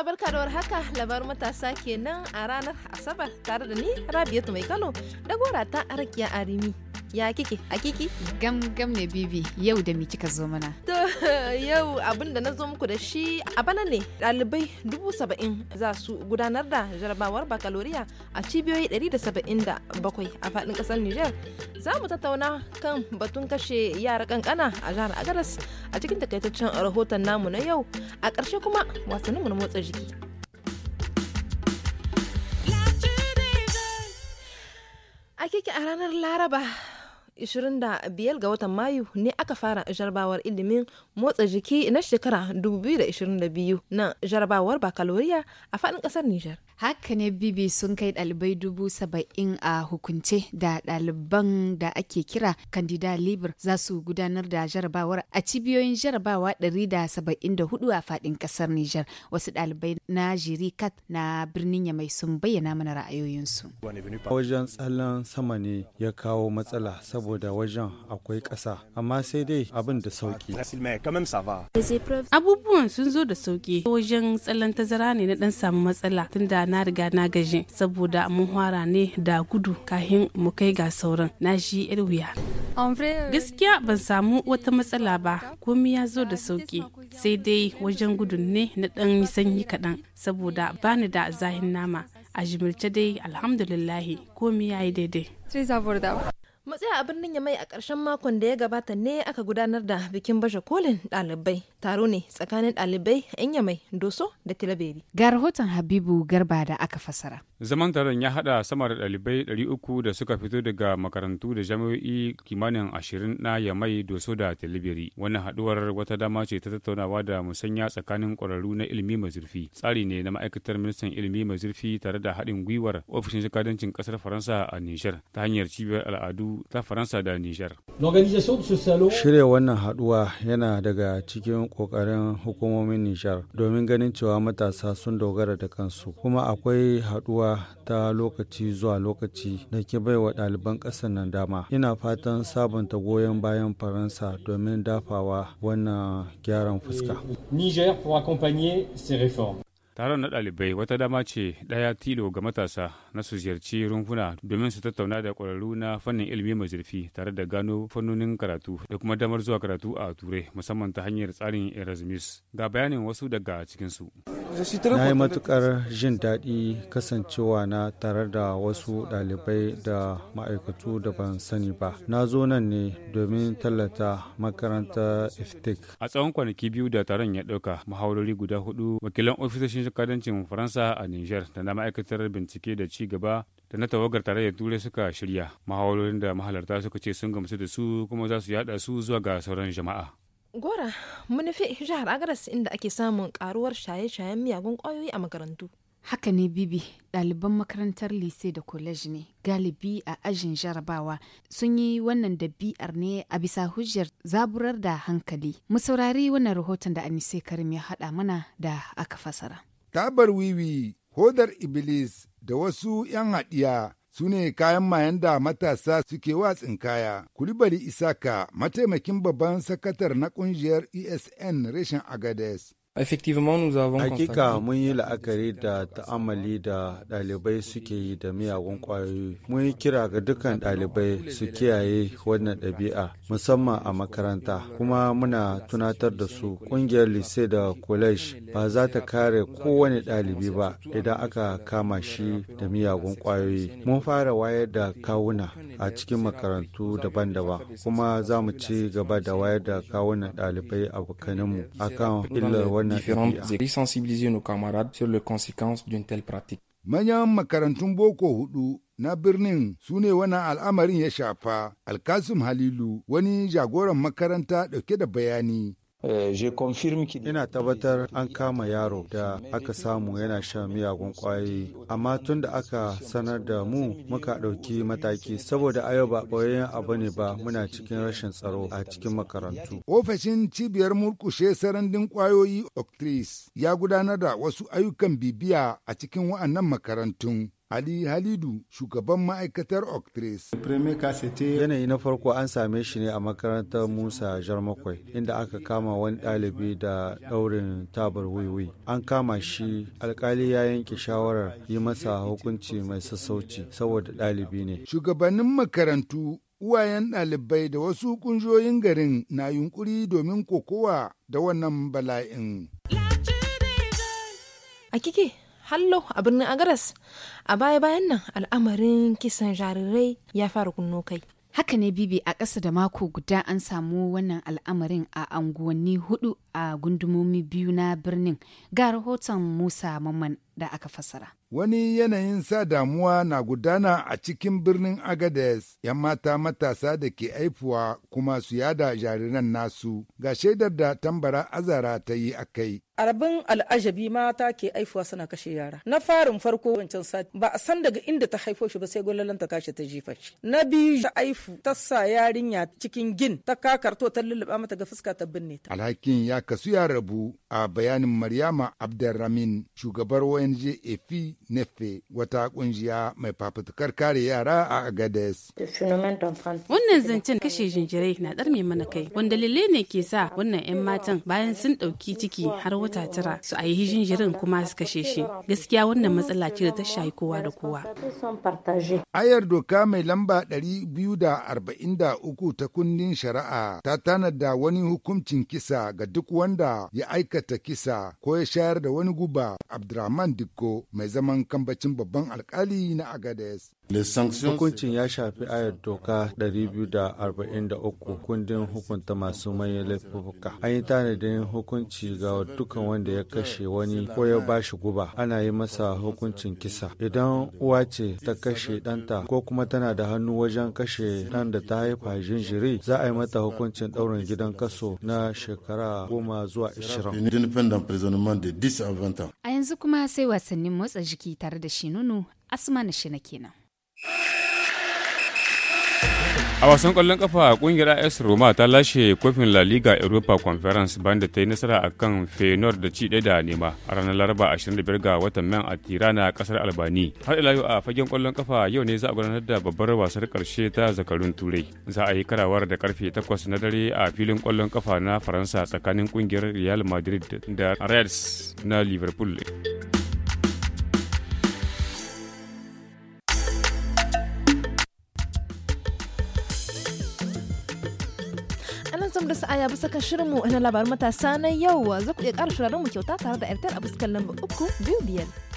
matasa barka da warhaka labar matasa kenan a ranar asabar tare da ni rabiatu mai kano da gora ta arakiya arimi ya kiki a kiki gam gam ne bibi yau da mi kika zo mana to yau abin da na zo muku da shi a bana ne ɗalibai dubu saba'in za su gudanar da jarabawar bakaloriya a cibiyoyi ɗari da saba'in da bakwai a faɗin ƙasar nijar za mu tattauna kan batun kashe yara kankana a jihar agadas a cikin takaitaccen rahoton namu na yau a ƙarshe kuma wasanninmu na motsa jiki a kike a ranar laraba 25 ga watan Mayu ne aka fara jarabawar ilimin motsa jiki na shekara 2022 na jarabawar bakaloriya a faɗin ƙasar Nijar. Haka ne bibi sun kai ɗalibai dubu saba'in a hukunce da ɗaliban da ake kira kandida libre za su gudanar da jarabawar a cibiyoyin jarabawa 174 a faɗin ƙasar Nijar. Wasu ɗalibai na Jirikat na birnin Yamai sun bayyana mana ra'ayoyinsu. Wajen tsallan sama ne ya kawo matsala saboda saboda wajen akwai ƙasa amma sai dai abin da sauki abubuwan sun zo da sauki wajen tsallan tazara ne na dan samu matsala tunda na riga na gaji saboda mun hwara ne da gudu kahin mu kai ga sauran na shi yar wuya euh, gaskiya ban samu wata matsala ba komi ya zo da sauki sai dai wajen gudu ne na dan sanyi kaɗan saboda bani da zahin nama a jimirce dai alhamdulillahi komi ya yi daidai Matsaya a birnin Yamai a ƙarshen makon da ya gabata ne aka gudanar da bikin baje kolin ɗalibai taro ne tsakanin ɗalibai 'yan Yamai Doso da Tilaberi. Ga rahoton Habibu Garba da aka fasara. Zaman taron ya hada sama da ɗalibai 300 da suka fito daga makarantu da jami'o'i kimanin 20 na Yamai Doso da Tilaberi. Wannan haɗuwar wata dama ce ta tattaunawa da musanya tsakanin ƙwararru na ilimi mai zurfi. Tsari ne na ma'aikatar ministan ilimi mai zurfi tare da haɗin gwiwar ofishin jakadancin ƙasar Faransa a Nijar ta hanyar cibiyar al'adu ta Faransa da Nijar. Shirya wannan haduwa yana daga cikin kokarin hukumomin Nijar domin ganin cewa matasa sun dogara da kansu kuma akwai haduwa ta lokaci zuwa lokaci da ke baiwa ɗaliban ƙasar nan dama. Ina fatan sabunta goyon bayan Faransa domin dafawa wannan gyaran fuska. Eh, Niger Taron na ɗalibai wata dama ce ɗaya tilo ga matasa na su ziyarci rumfuna domin su tattauna da ƙwararru na fannin ilimi mai zurfi tare da gano fannonin karatu da kuma damar zuwa karatu a Turai musamman ta hanyar tsarin Erasmus. Ga bayanin wasu daga cikinsu. na yi matukar jin daɗi kasancewa na tare da wasu ɗalibai da ma'aikatu da ban sani ba na zo nan ne domin tallata makaranta iftik a tsawon kwanaki biyu da taron ya ɗauka mahaurori guda hudu wakilan ofisoshin jakadancin faransa a niger da na ma'aikatar bincike da ci gaba da na tawagar tare da turai suka shirya mahaurorin da mahalarta suka ce sun gamsu da su kuma za su yada su zuwa ga sauran jama'a Gora, mu nufi jihar Agaras inda ake samun karuwar shaye-shayen miyagun ƙwayoyi a makarantu. Haka ne Bibi, ɗaliban makarantar lise da college ne, galibi a ajin jarabawa sun yi wannan dabi'ar ne a bisa hujjar zaburar da hankali. Mu saurari wannan rahoton da Anise Karim ya haɗa mana da aka fasara. Tabar wiwi, hodar Iblis da wasu 'yan haɗiya su ne kayan mayan da matasa suke watsin kaya. Kulibali Isaka, mataimakin babban sakatar na kungiyar ESN reshen Agades, Hakika mun yi la'akari da ta'amali da ɗalibai suke yi da miyagun ƙwayoyi. Mun yi kira ga dukkan ɗalibai su kiyaye wannan ɗabi'a musamman a makaranta kuma muna tunatar da su ƙungiyar lise da college ba za ta kare kowane ɗalibi ba idan aka kama shi da miyagun ƙwayoyi. Mun fara wayar da kawuna a cikin makarantu daban-daban kuma za mu ci gaba da wayar da kawunan ɗalibai a akan illar wannan différentes écoles, sensibiliser nos camarades sur les conséquences d'une telle pratique. manyan makarantun boko hudu na birnin su ne wannan al'amarin ya shafa alkasum halilu wani jagoran makaranta dauke da bayani Eh, Ina tabbatar an kama yaro da aka samu yana shan miyagun kwayoyi, amma tun da aka sanar da mu muka ɗauki mataki saboda ayo ba ɓoyayyen abu ne ba muna cikin rashin tsaro a cikin makarantu. Ofishin cibiyar murkushe sarandin kwayoyi octrice ya gudanar da wasu ayyukan bibiya a cikin wa'annan makarantun. Ali Halidu shugaban ma'aikatar Octres. Yanayi na farko an same shi ne a makarantar Musa Jarmakwai inda aka kama wani ɗalibi da ɗaurin tabar wuiwui. An kama shi alkali ya yanke shawarar yi masa hukunci mai sassauci saboda ɗalibi ne. Shugabannin makarantu uwayen ɗalibai da wasu kunjoyin garin na yunkuri domin kokowa da wannan bala'in. A kike, hallo a birnin agaras a baya-bayan nan al'amarin kisan jarirai ya fara kunno kai haka ne bibi a ƙasa da mako guda an samu wannan al'amarin a anguwanni hudu a gundumomi biyu na birnin ga rahoton Musa Mamman da aka fassara. Wani yanayin sa damuwa na gudana a cikin birnin Agades, ‘yan mata matasa da ke aifuwa kuma su yada jariran nasu ga shaidar da tambara azara ta yi a kai. Arabin al'ajabi mata ke aifuwa suna kashe yara. Na farin farko wancan sati ba a san daga inda ta haifo shi ba sai gwalalan ta kashe ta jifa shi. Na biyu ta aifu ta sa yarinya cikin gin ta kakarto ta lulluɓa mata ga fuska ta binne ta. Alhakin ya da kasu rabu a bayanin Maryama Abdelramin shugabar ONG EFI Nefe wata kungiya mai fafutukar kare yara a Agades. Wannan zancen kashe jinjirai na dar mai mana kai wanda lalle ne ke sa wannan 'yan matan bayan sun ɗauki ciki har wata tara su a yi jinjirin kuma su kashe shi. Gaskiya wannan matsala ce da ta shayi kowa da kowa. Ayar doka mai lamba 243 ta kundin shari'a ta tanada wani hukuncin kisa ga duk duk wanda ya aikata kisa ko ya shayar da wani guba Abdurrahman Dikko mai zaman kambacin babban alkali na Agades. Hukuncin ya shafi ayar doka 243 kundin hukunta masu manyan laifuka. An yi tanadin hukunci ga dukkan wanda ya kashe wani ko ya ba shi guba. Ana yi masa hukuncin kisa. Idan uwa ce ta kashe ɗanta ko kuma tana da hannu wajen kashe ɗan da ta haifa jinjiri za a yi mata hukuncin ɗaurin gidan kaso na shekara goma zuwa ashirin. A yanzu kuma sai wasannin motsa jiki tare da shi nunu Asma na shi na kenan. A wasan kwallon kafa ƙungiyar AS Roma ta lashe kofin La Liga Europa Conference Banda ta yi nasara a kan Feyenoord da ci da nema a ranar Laraba 25 ga watan Man a Tirana ƙasar Albani. Har ila yau a fagen kwallon kafa yau ne za a gudanar da babbar wasar ƙarshe ta zakarun Turai. Za a yi karawar da karfe 8 na dare a filin kwallon kafa na Faransa tsakanin ƙungiyar Real Madrid da Reds na Liverpool. nan zam da sa'aya bisa kan mu na labarin matasa na yau za ku iya ƙara mu kyauta tare da airtel a buskan lamba uku biyu biyar.